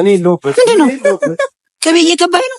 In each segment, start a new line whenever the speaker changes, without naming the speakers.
እኔ የለሁበት።
ምንድን ነው ቅቤ እየገባኝ ነው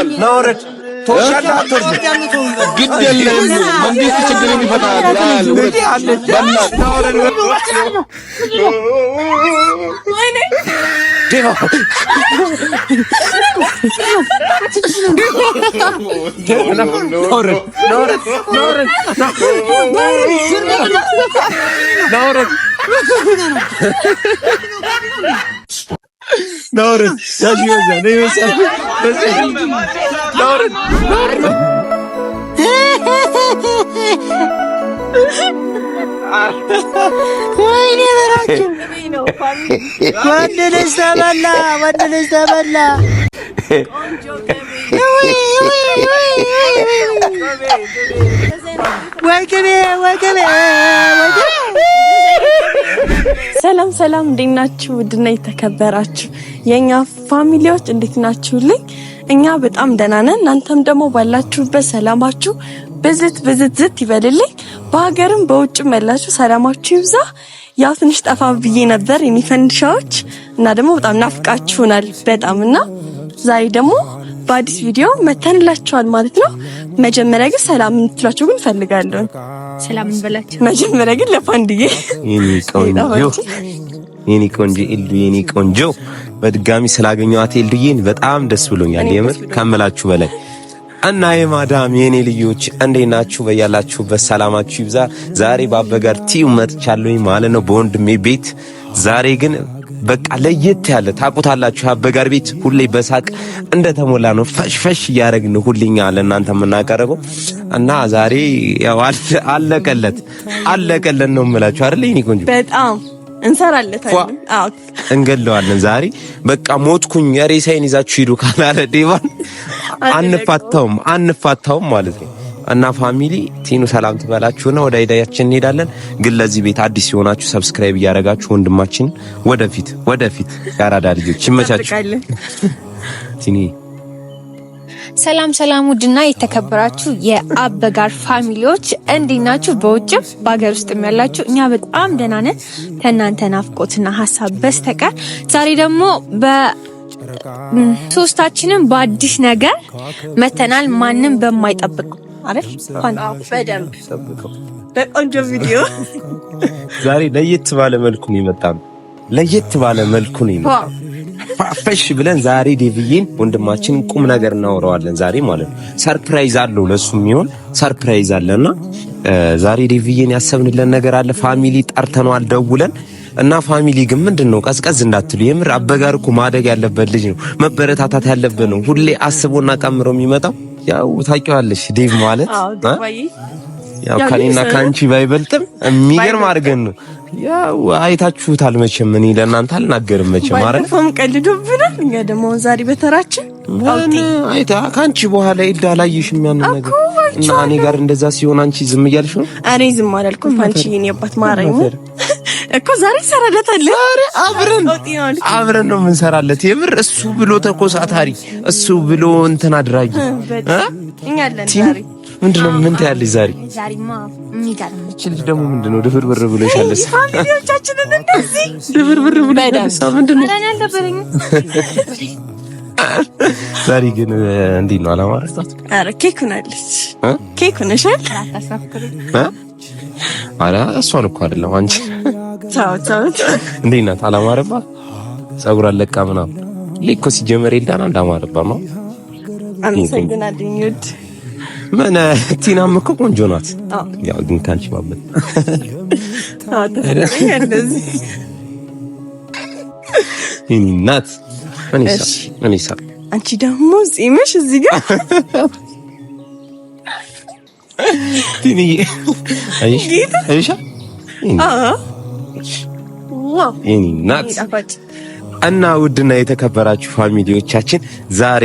ይችለዋል። ለወረድ ተወሻዳ አትወርድ ግድ የለም መንግስት ችግርን ይፈታል። No, no, ya llegó, ya no iba a salir. No, no, no, no.
ወይኔ በራችን ወንድልሽ ተበላ፣ ወንድልሽ ተበላ። ወይ ቅቤ፣ ወይ ቅቤ፣ ወይ ቅቤ ሰላም ሰላም፣ እንዴት ናችሁ? ውድና የተከበራችሁ የኛ ፋሚሊዎች እንዴት ናችሁልኝ? እኛ በጣም ደህና ነን። እናንተም ደግሞ ባላችሁበት ሰላማችሁ ብዝት ብዝት ዝት ይበልልኝ። በሀገርም በውጭም ያላችሁ ሰላማችሁ ይብዛ። ያው ትንሽ ጠፋ ብዬ ነበር የሚፈንድሻዎች እና ደግሞ በጣም ናፍቃችሁናል በጣም እና ዛሬ ደግሞ በአዲስ ቪዲዮ መተንላቸዋል ማለት ነው። መጀመሪያ ግን ሰላም እንትላቸው ግን ፈልጋለሁ። ሰላም እንበላቸው መጀመሪያ ግን ለፋንድዬ
የኔ ቆንጆ ኤልዱ የኔ ቆንጆ በድጋሚ ስላገኘኋት ኤልዱዬን በጣም ደስ ብሎኛል፣ የምር ከምላችሁ በላይ እና የማዳም የኔ ልጆች እንዴት ናችሁ? በያላችሁበት ሰላማችሁ ይብዛ። ዛሬ በአበጋር ቲዩ መጥቻለሁኝ ማለት ነው በወንድሜ ቤት ዛሬ ግን በቃ ለየት ያለ ታውቁታላችሁ። አበጋር ቤት ሁሌ በሳቅ እንደተሞላ ነው። ፈሽፈሽ እያደረግን ሁሌኛ ለእናንተ የምናቀርበው እና ዛሬ ያው አለቀለት አለቀለን ነው የምላችሁ አይደል? ይሄን ቆንጆ
በጣም እንሰራለታለን።
እንገለዋለን። ዛሬ በቃ ሞትኩኝ፣ ሬሳዬን ይዛችሁ ሂዱ ካላለ ዴቫን አንፋታውም፣ አንፋታውም ማለት ነው። እና ፋሚሊ ቲኑ ሰላም ነው። ወደ ሂዳያችን እንሄዳለን። ግን ለዚህ ቤት አዲስ የሆናችሁ ሰብስክራይብ እያደረጋችሁ ወንድማችን ወደፊት ወደፊት ያራዳ ልጆች ይመቻችሁ። ቲኒ
ሰላም ሰላም። ውድና የተከበራችሁ የአበጋር ፋሚሊዎች እንዴት ናችሁ? በውጭም በሀገር ውስጥም ያላችሁ እኛ በጣም ደህና ነን፣ ከእናንተ ናፍቆትና ሀሳብ በስተቀር ዛሬ ደግሞ በ ሶስታችንም በአዲስ ነገር መተናል ማንም በማይጠብቅ አረፍ በደንብ በቆንጆ ቪዲዮ
ዛሬ ለየት ባለ መልኩ ነው የመጣው። ለየት ባለ መልኩ ነው ፋፈሽ ብለን ዛሬ ዴቪዬን ወንድማችን ቁም ነገር እናወራዋለን። ዛሬ ማለት ነው ሰርፕራይዝ አለው ለሱ የሚሆን ሰርፕራይዝ አለና ዛሬ ዴቪዬን ያሰብንለን ነገር አለ። ፋሚሊ ጠርተነዋል ደውለን እና ፋሚሊ ግን ምንድን ነው ቀዝቀዝ እንዳትሉ። የምር አበጋር እኮ ማደግ ያለበት ልጅ ነው፣ መበረታታት ያለበት ነው። ሁሌ አስቦና ቀምሮ የሚመጣው ያው ታውቂዋለሽ፣ ዴቭ ማለት ያው ከኔና ከአንቺ ባይበልጥም የሚገርም አድርገን ነው ያው አይታችሁታል። መቼም እኔ ለእናንተ አልናገርም መቼም ማለት
ነው። ቀልዶብናል። እኛ ደግሞ ዛሬ በተራችን
አይታ ከአንቺ በኋላ ኤልዳ አላየሽም ያንን ነገር እና እኔ ጋር እንደዛ ሲሆን አንቺ ዝም እያልሽ ነው።
እኔ ዝም አላልኩም። አንቺ የኔ አባት ማረኝ እኮ ዛሬ እንሰራለታለን።
ዛሬ አብረን አብረን ነው የምንሰራለት። የምር እሱ ብሎ ተኮሳታሪ፣ እሱ ብሎ እንትን አድራጊ
እኛ
ምንድን ነው ምን ታያለሽ? ዛሬ ዛሬማ እቺ ልጅ ደግሞ ምንድን ነው ድፍርብር ብሎሻለስ?
ፋሚሊዎቻችንን እንደዚህ ምንድን ነው
ዛሬ ግን እንዴት ነው አላማረጣት?
ኬክ ሆናለች፣ ኬክ ሆነሻል
አላ እሷን እኮ አይደለም አንቺ። ቻው ቻው። እንዴት ናት? አላማረባ ጸጉር አለቃ ምናምን እኮ ሲጀመር ይልዳና እንዳማረባ ነው። ምን ቲናም እኮ ቆንጆ ናት። ያው ግን ካንቺ ማበት ባበት ናት።
አንቺ ደግሞ ጺምሽ እዚህ ጋር
Ah. እና ውድና የተከበራችሁ ፋሚሊዎቻችን ዛሬ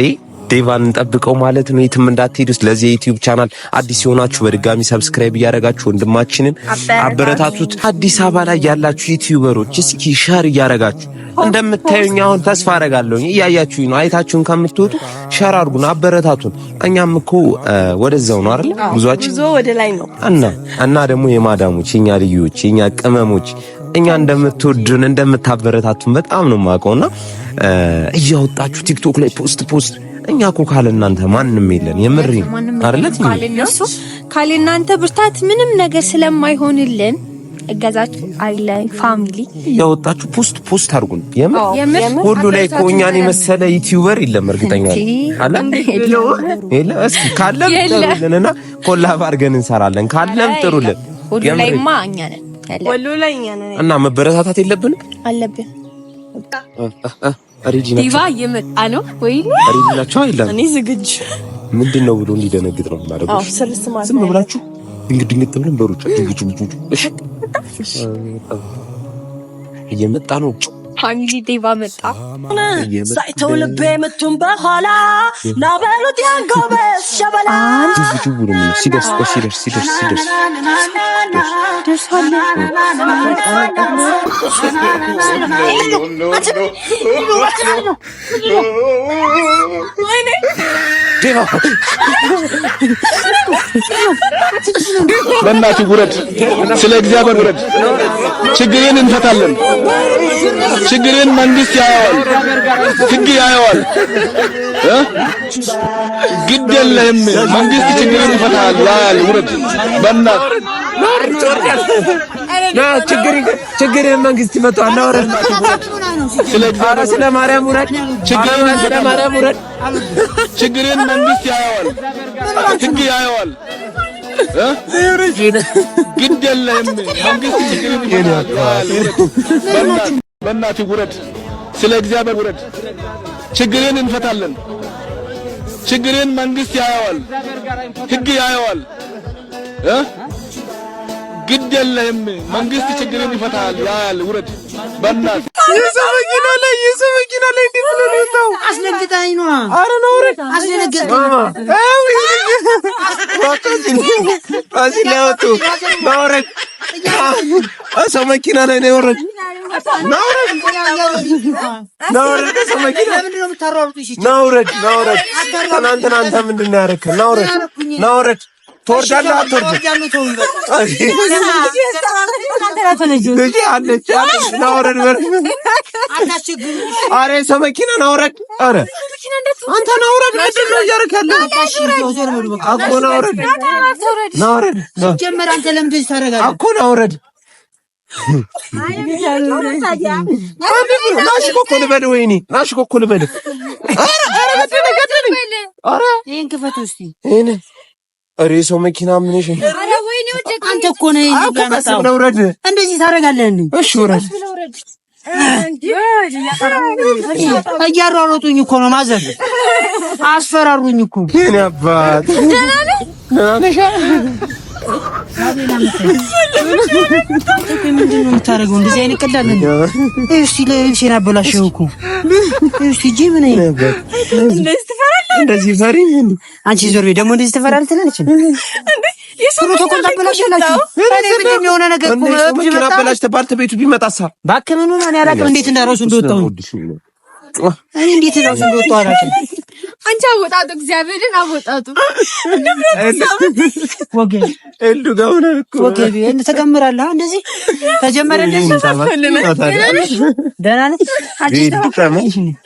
ዴቫን እንጠብቀው ማለት ነው። የትም እንዳትሄዱ። ስለዚህ የዩቲዩብ ቻናል አዲስ የሆናችሁ በድጋሚ ሰብስክራይብ እያደረጋችሁ ወንድማችንን አበረታቱት። አዲስ አበባ ላይ ያላችሁ ዩቲዩበሮች እስኪ ሸር እያደረጋችሁ እንደምታዩኝ አሁን ተስፋ አደርጋለሁ። እያያችሁኝ ነው። አይታችሁን ከምትወጡ ሸር አድርጉን፣ አበረታቱን። እኛም እኮ ወደዛው ነው አይደል
ጉዟችን፣ ጉዞ ወደ ላይ ነው
እና እና ደግሞ የማዳሞች የኛ ልዩዎች የኛ ቅመሞች እኛ እንደምትወዱን እንደምታበረታቱን በጣም ነው የማውቀውና እያወጣችሁ ቲክቶክ ላይ ፖስት ፖስት እኛ እኮ ካለ እናንተ ማንም የለን። የምሪ አይደለት
ካለ እናንተ ብርታት ምንም ነገር ስለማይሆንልን እገዛችሁ አለ ፋሚሊ
ያወጣችሁ ፖስት ፖስት አድርጉን። የምር ሁሉ ላይ እኮ እኛን የመሰለ ዩቲዩበር የለም። እርግጠኛ አለ ነኝ እስኪ ካለም ጥሩልንና ኮላብ አድርገን እንሰራለን። ካለም ጥሩልን።
ሁሉ ላይማ እኛ ነን ሁሉ ላይ እኛ ነን
እና መበረታታት የለብንም አለብን ዲቫ
የመጣ ነው ወይ
ሪጂናቸው አይደለም። እኔ ዝግጅ ምንድን ነው ብሎ እንዲደነግጥ ነው
ማለት የምናደርገው።
ዝም ብላችሁ ድንግድንግጥ ብለን በሩጫ እየመጣ ነው።
ፋሚሊ ዴቫ መጣ። ሳይተው ልቤ ምቱን በኋላ ናበሉት ያንጎበስ ሸበላ
በእናትህ ውረድ፣ ስለ እግዚአብሔር ውረድ። ችግርን እንፈታለን። ችግርን መንግስት ያየዋል፣ ህግ ያየዋል። ግድ የለህም መንግስት ችግርን ይፈታል። ያያል ውረድ፣ በእናት ችግርን መንግስት ይፈታዋል። ና ውረድ፣ ስለ ማርያም ውረድ፣
ስለ ማርያም ውረድ።
ችግርን መንግስት ያየዋል፣ ህግ ያየዋል። ግድ የለህም መንግስት ችግርን ይፈታል። በእናት ውረድ፣ ስለ እግዚአብሔር ውረድ። ችግሬን እንፈታለን። ችግሬን መንግስት ያየዋል፣ ህግ ያየዋል። ግድ የለህም። መንግስት ችግርን ይፈታል ውረድ። መኪና ላይ
መኪና ላይ እንዴት ነው
አረ መኪና ላይ ነው ትናንትና አንተ ምንድን ነው Tortella atırdı. Dedi annesi annesine oranı vermiyor. Arkadaşı gülmüş. Are samakine orak are. Anta ne orak ne diyor yarı kendi. Akko ne orak. Ne orak.
Cemmer antelem bir sarı geldi.
Akko ne orak. ናሽኮ እኮ ልበል ወይኔ ናሽኮ እኮ ልበል። ኧረ ኧረ ገደለኝ ገደለኝ። ኧረ
ይሄን ክፈቱ እስኪ
ይሄንን ኧረ የሰው መኪና ምን እሺ፣
አንተ እኮ ነህ እንደዚህ ታደርጋለህ እሺ ውረድ። እያሯሮጡኝ እኮ ነው ማዘር፣ አስፈራሩኝ እኮ
የእኔ አባት። ደህና ነሽ?
ምንድን ነው የምታደርገው? እንደዚህ አይነት ቀላል ነው። እስቲ ልብሴን አበላሸው እኮ እስቲ ጅብ ነኝ እንደዚህ ፈሪ አንቺ ዞር በይ። ደግሞ እንደዚህ ትፈራል ትላለች። የሆነ ነገር ቤቱ ቢመጣሳ እባክህ ምን ሆነ? እኔ አላውቅም እንዴት እንዳረሱ እንደወጣሁ እኔ እንዴት እራሱ እንደወጣሁ አላውቅም። አንቺ አወጣጡ እግዚአብሔርን አወጣጡ ወጌ
እንዱ ጋውና እኮ
ወገን ተቀምራለህ። አሁን እንደዚህ ተጀመረ። እንደዚህ ደህና ነህ?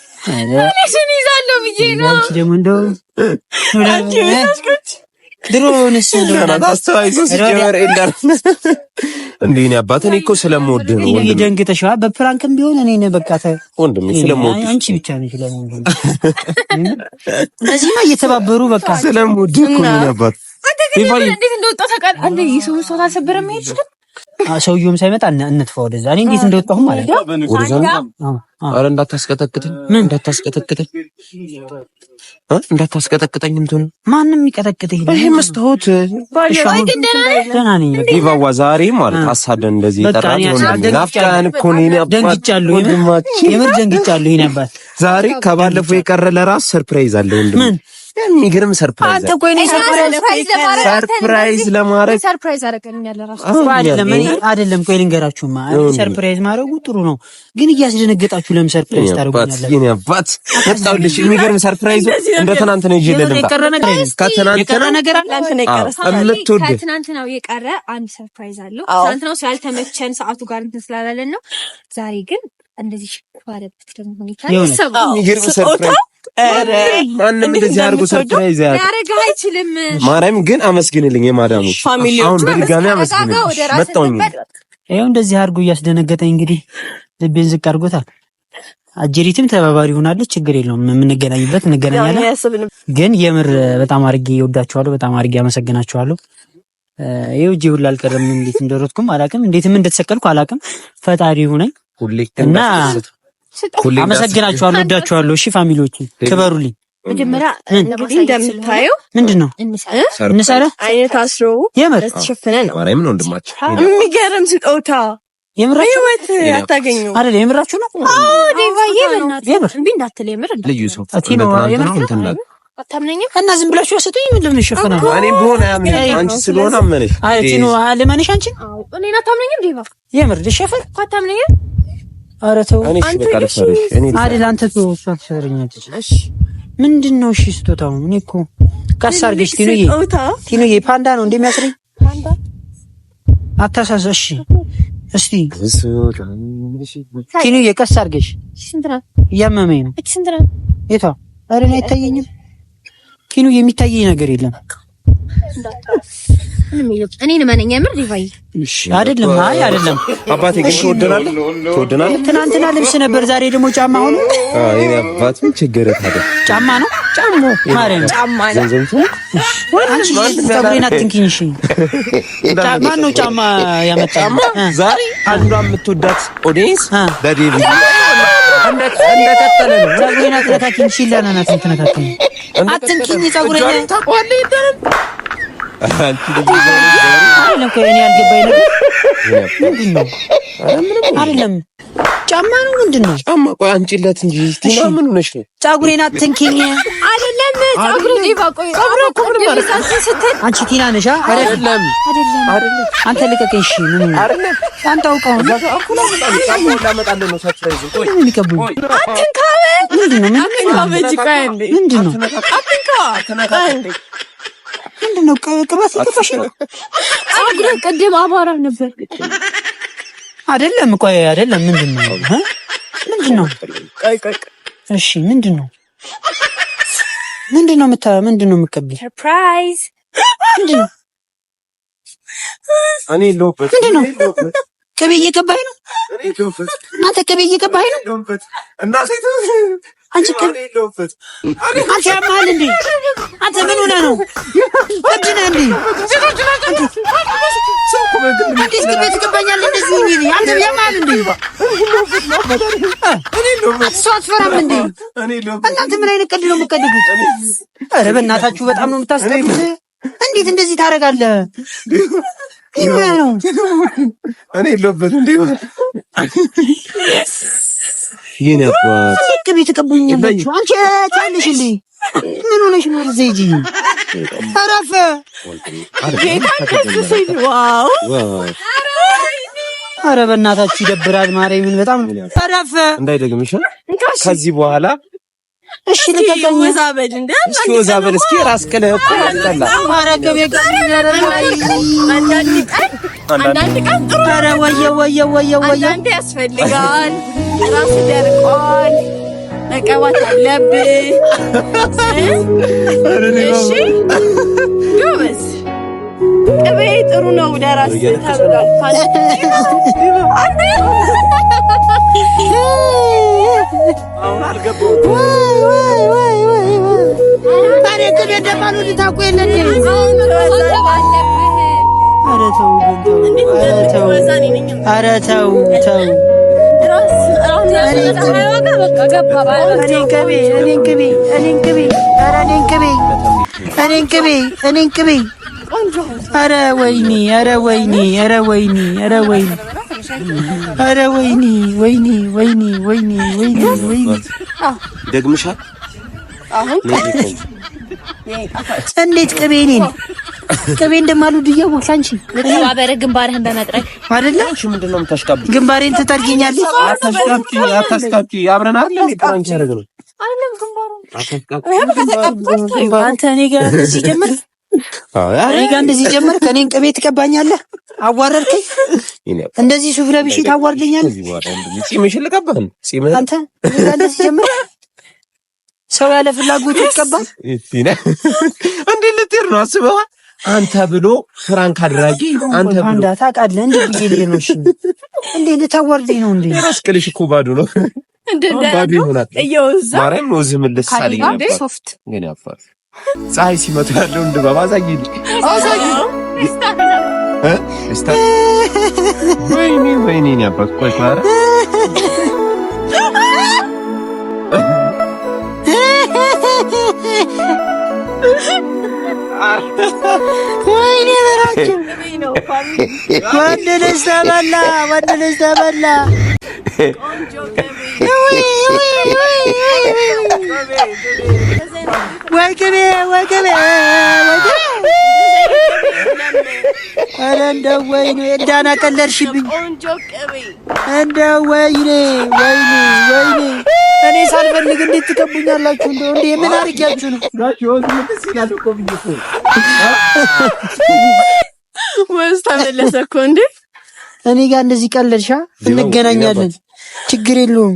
እኔሽን ይዛለሁ ብዬ ነው። አንቺ ደግሞ እንደው አንቺ ድሮ
አባት እኔ እኮ ስለምወድ ነው
ወንድሜ። በፕራንክም ቢሆን እኔ ነኝ በቃ
ስለምወድ
አንቺ ብቻ ነሽ እየተባበሩ በቃ
ስለምወድ እኮ ነው አባት
ይባል እንዴት እንደወጣ ታውቃለህ። አንዴ ሰው አልሰበረም ይሄድ ሰውየውም ሳይመጣ እንጥፋ ወደዛ። እኔ እንዴት እንደወጣሁ ማለት
ነው። ኧረ እንዳታስቀጠቅጠኝ፣ ምን እንዳታስቀጠቅጠኝ፣ እንዳታስቀጠቅጠኝ። እንትን
ማንም የሚቀጠቅጠኝ
ይሄ መስታወት ባዋ ዛሬ ማለት አሳደን እንደዚህ ጠራናፍቀን እኮ
ደንግጫለሁ፣ የምር ደንግጫለሁ። ይሄን
ዛሬ ከባለፈው የቀረ ለራስ ሰርፕራይዝ አለ ወንድም የሚገርም ሰርፕራይዝ ለማድረግ
አይደለም አይደለም። ቆይ ልንገራችሁማ ሰርፕራይዝ ማድረጉ ጥሩ ነው፣ ግን እያስደነገጣችሁ ለምን ሰርፕራይዝ
ታደርጉኛለህ? የኔ የሚገርም ሰርፕራይዝ እንደ ትናንት ነው ይዤ ልልባ ከትናንትና ነገር የምትወድ
ከትናንትናው የቀረ አንድ ሰርፕራይዝ አለው። ትናንትናው ስላልተመቸን ሰዓቱ ጋር እንትን ስላላለን ነው። ዛሬ ግን እንደዚህ ሽኩ ባለበት ደግሞ
ሁኔታ ሰው የሚገርም ሰርፕራይዝ ማንም እንደዚህ አድርጎ ሰርፕራይዝ
ያደርግ አይችልም።
ማርያም ግን አመስግንልኝ፣ የማዳሙ አሁን በድጋሚ አመስግንልኝ መጣሁኝ።
ይኸው እንደዚህ አድርጎ እያስደነገጠኝ እንግዲህ ልቤን ዝቅ አድርጎታል። አጀሪትም ተባባሪ ሆናለች። ችግር የለውም የምንገናኝበት እንገናኛለን። ግን የምር በጣም አድርጌ እወዳችኋለሁ፣ በጣም አድርጌ አመሰግናችኋለሁ። ይኸው እጄ ሁላ አልቀረም። እንዴት እንደሮጥኩም አላውቅም፣ እንዴትም እንደተሰቀልኩ አላውቅም። ፈጣሪ ሁነኝ እና አመሰግናችኋለሁ፣ ወዳችኋለሁ። እሺ ፋሚሊዎቹ ክበሩልኝ። መጀመሪያ እንግዲህ እንደምታየው ምንድን ነው እንሰራ አይነት አስሮ የምር ተሸፈነ ነው የሚገርም ስጦታ የምራህይወት አታገኙ አይደል? የምራችሁ ነው እና ዝም ብላችሁ ያሰጡኝ ምን ለምን ይሸፈናል?
እኔም ቢሆን አያምነኝ አንቺ ስለሆነ አመነሽ።
አይ ቲኖ አለማንሽ አንቺ እኔን አታምነኝም። የምር ልሸፈን አታምነኝም ኧረ ተው አይደል አንተ ምንድን ነው እሺ? ስጦታው እኔ እኮ ቀስ አድርገሽ ቲኑዬ፣ ቲኑዬ ፓንዳ ነው እንደሚያስረኝ አታሳሳ። እሺ እስቲ ቲኑዬ ቀስ አድርገሽ እያመመኝ ነው። የቷ? ኧረ እኔ አይታየኝም ቲኑዬ፣ የሚታየኝ ነገር የለም እኔን እመነኝ። የምር ሪቫይ አይደለም። አይ አይደለም።
አባቴ ግን ትወደናለህ፣ ትወደናለህ።
ትናንትና ልብስ ነበር፣ ዛሬ ደግሞ ጫማ ሆኖ
አይ አባቱ ችግር ታዲያ
ጫማ ነው። ጫማ ነው። ነው ጫማ ያመጣ? ዛሬ አንዷ የምትወዳት ነው። አትንኪኝ። ታቋለ ይደረም አይደለም ጫማ ነው። ምንድን ነው
ጫማ? ቆይ አንቺለት እንጂ ምን ሆነሽ ነው?
ጸጉሬን አትንኪኝ። አይደለም ጸጉሬ ዲባ ቆይ ጸጉሬ እኮ ምንም አንቺ ቲና ነሽ። አይደለም አንተ ልቀቀኝ። እሺ ምን አይደለም አንተ አውቀው ነው ነው ምንድን ነው ቅባት የቀባሽ ነው? ቅድም አቧራ ነበር አይደለም? ቆይ አይደለም። ምንድን ነው ምንድን ነው? እሺ ምንድን ነው ምንድን ነው ምታ ምንድን ነው የምትቀቢው? ሰርፕራይዝ ምንድን ነው? እኔ ሎፕ ምንድን ነው ከቤ እየቀባህ ነው እናንተ ከቤ እየቀባህ ነው አንቺ። ያማል እንዴ አንተ? ምን ሆነህ ነው? እብድ ነህ እንዴ? አዲስ ቅቤ ትቀባኛለህ እንደዚህ? አንተ ያማል እንዴ? ሰው አትፈራም እንዴ? እናንተ ምን አይነት ቀልድ ነው የምትቀልዱት? ኧረ በእናታችሁ በጣም ነው የምታስጠሉት። እንዴት እንደዚህ ታደርጋለህ?
እኔ የለሁበትም ቅቤ
አንቺ ታለሽ እንዴ? ምን ሆነሽ ነው? አረፈ አረ በእናታችሁ ይደብራል። ማርያምን በጣም አረፈ
እንዳይደግምሽ ከዚህ በኋላ
እሺ ልቀቀኝ። ወዛበል እንደ
እሺ ወዛበል እስኪ ራስ ከለህ እኮ
አጣላ ማረገብ ይቀር ያረጋይ አንዳንድ ቀን አንዳንድ ቀን ጥሩ ኧረ ወየ ወየ ወየ ወየ አንዳንድ ያስፈልጋል። ራስ ደርቋል። መቀባት አለብህ። እሺ ጎበዝ ቅቤ ጥሩ ነው ለራስ ተብሏል። አንዴ አሁን አልገባሁም ይደባሉ ሊታቁ የለን ኧረ ተው ኧረ ተው ተው እኔን ቅቤ ኧረ ወይኔ ኧረ ወይኔ ኧረ ወይኔ ኧረ ወይኔ ኧረ ወይኒ ወይኔ ወይኔ ወይኔ ወይኔ እንዴት ቅቤ እኔን ቅቤ እንደማልወድ እያወቅሽ አንቺ ባበረ ግንባርህ በመጥረግ አይደለ? እሺ፣
ምንድነው የምታሽቃብኝ?
ግንባሬን ትጠርጊኛለሽ?
አታሽቃብቂ፣ አታሽቃብቂ። አብረን አለ ፍራንክ ያደረገ ነው
አይደለም? ግንባሩን አታሽቃብቂ። አንተ እኔ ጋር እንደዚህ ጀመርክ፣ ከኔን ጋር እንደዚህ ጀመርክ። ቅቤ ትቀባኛለህ? አዋረድከኝ። እንደዚህ ሱፍ ለብሼ ታዋርደኛለህ?
ጺምሽን ልቀባህ?
ጺምህን አንተ እንደዚህ ጀመርክ ሰው ያለ ፍላጎት ይቀባል።
እንዴት ልትሄድ ነው አስበዋል? አንተ ብሎ ፍራንክ አድራጊ
አንተ ብሎ አንዳ ታውቃለህ። እንዴ ብዬ ነው። እሺ እንዴ ልታወርድ ነው እንዴ?
ራስ ቅልሽ እኮ ባዶ ነው። ፀሐይ ሲመቱ ወይኔ ወይኔ ያባት ቆይ
ወይኔ በራችን ወንድ ልጅ ተበላ፣ ወንድ ልጅ ተበላ። ወይ ቅቤ ወይ ቅቤ ኧረ እንደው ወይኔ እንዳና ቀለድሽብኝ። እንደው ወይኔ ወይኔ ወይኔ እኔ ሳልፈልግ እንዴት ትቀቡኛላችሁ? እንደው እንዴ ምን አድርጊያችሁ ነው? ወዝ ተመለሰ እኮ እንዴ! እኔ ጋር እንደዚህ ቀለድሻ። እንገናኛለን፣ ችግር የለውም።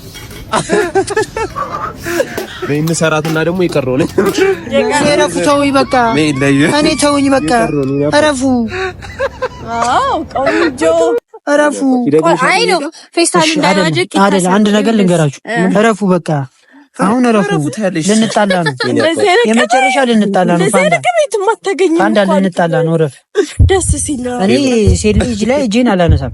እንሰራትና ደግሞ የቀረው ነኝ
እረፉ። ተውኝ በቃ እኔ ተውኝ በቃ እረፉ። ረፉ። አይ ነው ፌስታል እንዳይዋጅቅ አይደል? አንድ ነገር ልንገራችሁ፣ ረፉ በቃ አሁን ረፉ። ልንጣላ ነው፣ የመጨረሻ ልንጣላ ነው። ፋንዳ ልንጣላ ነው። እረፍ። ደስ ሲል እኔ ሴት ልጅ ላይ እጄን አላነሳም።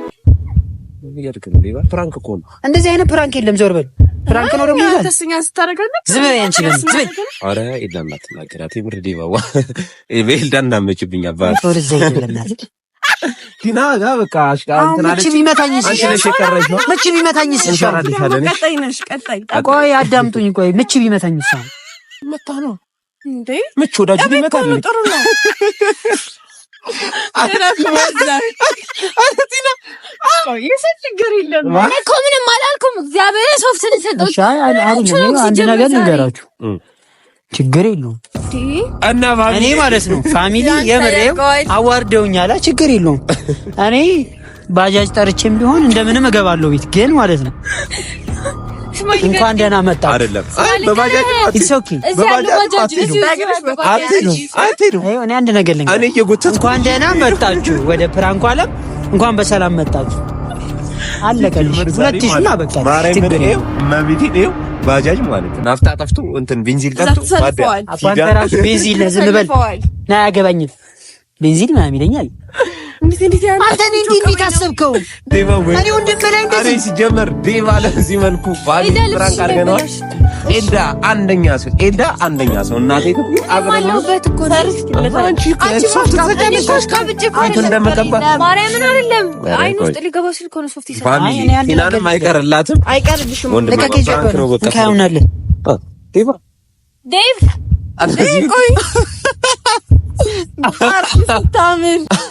እያልክ ነው ሌባ። ፕራንክ እኮ ነው።
እንደዚህ አይነት ፕራንክ የለም። ዞር በል። ፕራንክ ነው ደግሞ ይላል። ተስኛ ስታደርጋለህ። ዝም በይ አንቺ። ለምን ዝም በይ?
ኧረ ኤልዳን አትናገራት። የምር ሌባዋ ኤልዳን እናመችብኝ አባት ዲና ጋ በቃ
መቼም ችግር የለም እኮ ችግር የለውም እና እኔ ማለት ነው ፋሚሊ የምሬው አዋርደውኛል። ችግር የለውም እኔ ባጃጅ ጠርቼም ቢሆን እንደምንም እገባለሁ ቤት ግን ማለት ነው እንኳን ደህና መጣ። አይደለም በባጃጅ ኢትስ ኦኬ። እኔ አንድ እንኳን ደህና መጣችሁ ወደ ፕራንኩ ዓለም እንኳን በሰላም መጣችሁ። አለቀልሽ። ሁለት ሺህ እና በቃ ችግር የለም ባጃጅ ማለት ነው። ናፍጣ ጠፍቶ እንትን ቤንዚን ጠፍቶ ቤንዚን በል ና ቤንዚን ምናምን ይለኛል አንተ እኔ እንዴት እንዴት አሰብከው? አንደኛ ሰው ኤዳ አንደኛ ሰው እናቴ አይቀርላትም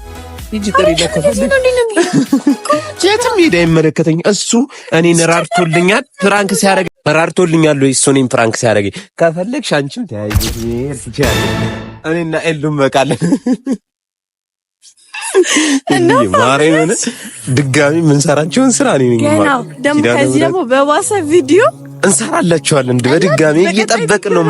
ሂጂ ጥሪና የትም አይመለከተኝ። እሱ እኔን ራርቶልኛል፣ ፍራንክ ሲያደርግ ራርቶልኛል ወይ እሱ እኔን ፍራንክ ሲያደርግ። ከፈለግሽ አንቺም ተያይዙ ትችያለሽ። እኔና ኤሉም በቃለን። ማርያምን ድጋሚ የምንሰራቸውን ስራ እኔ ደግሞ ከዚህ ደግሞ በባሰ ቪዲዮ እንሰራላችኋለን። በድጋሚ እየጠበቅን ነው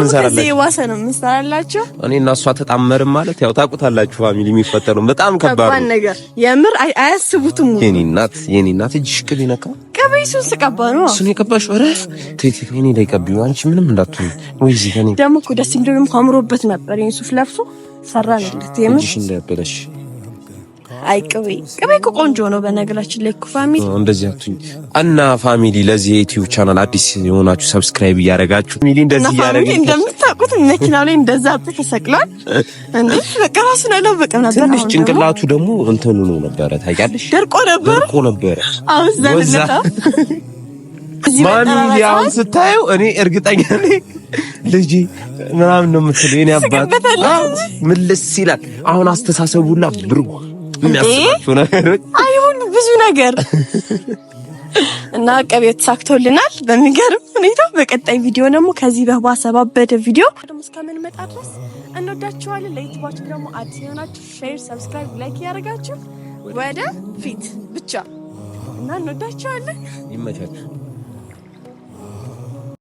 የምንሰራላችሁ። እኔ እና እሷ ተጣመርም ማለት ያው ታውቁታላችሁ፣ ፋሚሊ የሚፈጠረው በጣም ከባድ ነገር የምር አያስቡትም። የኔ እናት የኔ እናት እጅሽ ቅቤ ነካ። ቅቤሱን ስቀባ ነው እሱን የቀባሽ። እረፍ ቴቴ፣ እኔ ላይ ቀቢው አንቺ ምንም እንዳትሆኝ ወይ። እዚህ ከኔ ደግሞ እኮ ደስ የሚለው አምሮበት ነበር ይሄን ሱፍ ለብሶ ሰራንለት የምር እጅሽ እንዳያበላሽ አይቅቤ ቅቤ ቆንጆ ነው። በነገራችን ላይ ፋሚሊ እንደዚህ አትሁኝ እና ፋሚሊ፣ ለዚህ የዩቲዩብ ቻናል አዲስ የሆናችሁ ሰብስክራይብ እያደረጋችሁ ፋሚሊ፣ እንደዚህ እያደረጋችሁ እንደምታውቁት መኪናው ላይ እንደዛ ተሰቅሏል። እንዴ በቃ ራሱ ነው ራሱን በቃ ነበር። ትንሽ ጭንቅላቱ ደግሞ እንትኑ ነው ነበረ፣ ታያለሽ፣ ደርቆ ነበር፣ ደርቆ ነበር። አሁን ዘንለታ ማሚ አሁን ስታየው እኔ እርግጠኛ ነኝ ልጅ ምናምን ነው የምትለው። እኔ አባት ምልስ ይላል። አሁን አስተሳሰቡና ብርጓ የሚያስባቸው ነገሮች አይሁን ብዙ ነገር እና ቀቤው ተሳክቶልናል በሚገርም ሁኔታ። በቀጣይ ቪዲዮ ደግሞ ከዚህ በባሰባበደ ቪዲዮ ደግሞ እስከምንመጣ ድረስ እንወዳችኋለን። ለዩቲዩባችሁ ደግሞ አዲስ የሆናችሁ ሼር፣ ሰብስክራይብ፣ ላይክ እያደረጋችሁ ወደ ፊት ብቻ እና እንወዳችኋለን። ይመቻችሁ።